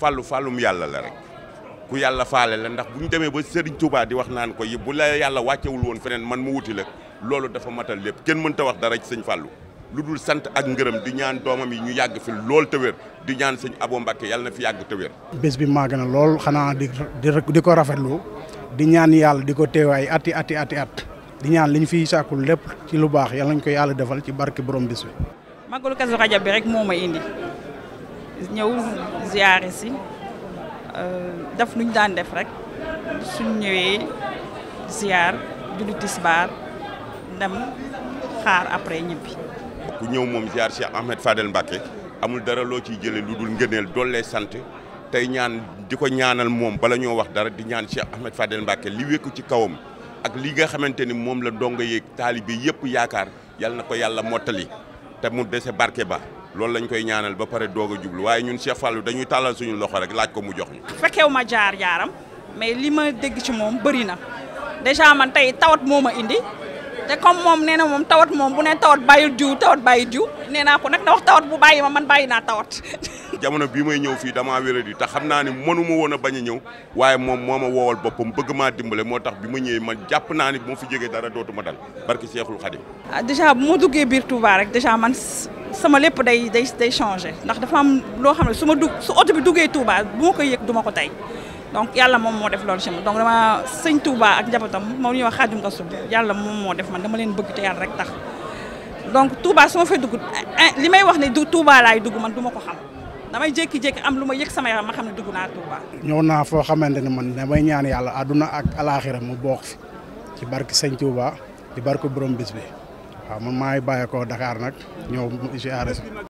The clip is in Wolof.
fàllu fàllum yàlla la rek ku yàlla faale la ndax bu ñu demee ba Serigne Touba di wax naan ko yi bu la yàlla wàccewul woon feneen man mu wuti la loolu dafa matal lépp kenn mënta wax dara ci sëñ fàllu lu dul sant ak ngërëm di ñaan doomam yi ñu yàgg fi lool te di ñaan sëñ Abo Mbacke yàlla na fi yàgg te wér. bés bi maa gën lool xanaa di di ko rafetlu di ñaan yàlla di ko teewaay ati ati ati at di ñaan li ñu fiy sàkkul lépp ci lu baax yàlla nañ ko yàlla defal ci barke borom bés ñëw ziyaare si euh, def lu ñu daan def rek suñ ñëwee ziyaar julli tisbaar dem xaar après ñibbi. ku ñëw moom ziyaar Cheikh Ahmed Fadel Mbacké amul dara loo ci jëlee lu dul ngëneel doole sant tey ñaan di ko ñaanal moom bala ñoo wax dara di ñaan Cheikh Ahmed Fadel Mbacké li wékku ci kawam ak lii nga xamante ni moom la ndongo yeeg taalibe yëpp yaakaar yal na ko yàlla mottali te mu dese barke ba. loolu lañ koy ñaanal ba pare doog a jublu waaye ñun Cheikh Fallou dañuy tàllal suñu loxo rek laaj ko mu jox ñu. fekkew ma jaar jaaram mais li ma dégg ci moom bëri na déjà man tey tawat moo ma indi te comme moom nee na moom tawat moom bu ne tawat bàyyi jiw tawat bàyyi jiw nee naa ko nag na wax tawat bu bàyyi ma man bàyyi naa tawat. jamono bii may ñëw fii damaa wéradi te xam naa ne mënu ma woon a bañ a ñëw waaye moom moo ma woowal boppam bëgg maa dimbale moo tax bi ma ñëwee man jàpp naa ne bu fi jógee dara dootuma dal barki Cheikhul Khadim. ah déjà bu duggee biir Touba rek déjà man. sama lepp day day day changer ndax dafa am lo xam suma dug su auto bi duggee Touba bu ma koy yëg du ko tay donc yalla mom mo def loolu ci donc dama Seigne Touba ak njabootam mo ñu wax xaajum rasul yalla mom mo def man dama leen bëgg te yàlla rek tax donc Touba su ma fay dugg eh, li may wax ni du Touba lay dugg man duma ko xam damay jékki-jékki am luma yek sama yaram ma xam ne dugg Touba. ñow na fo xamanteni man damay ñaan yalla aduna ak alakhirah mu bok fi ci barke Seigne Touba di barke borom bis bi. waaw man maa ngi bàyyeekoo Dakar nag ñëw si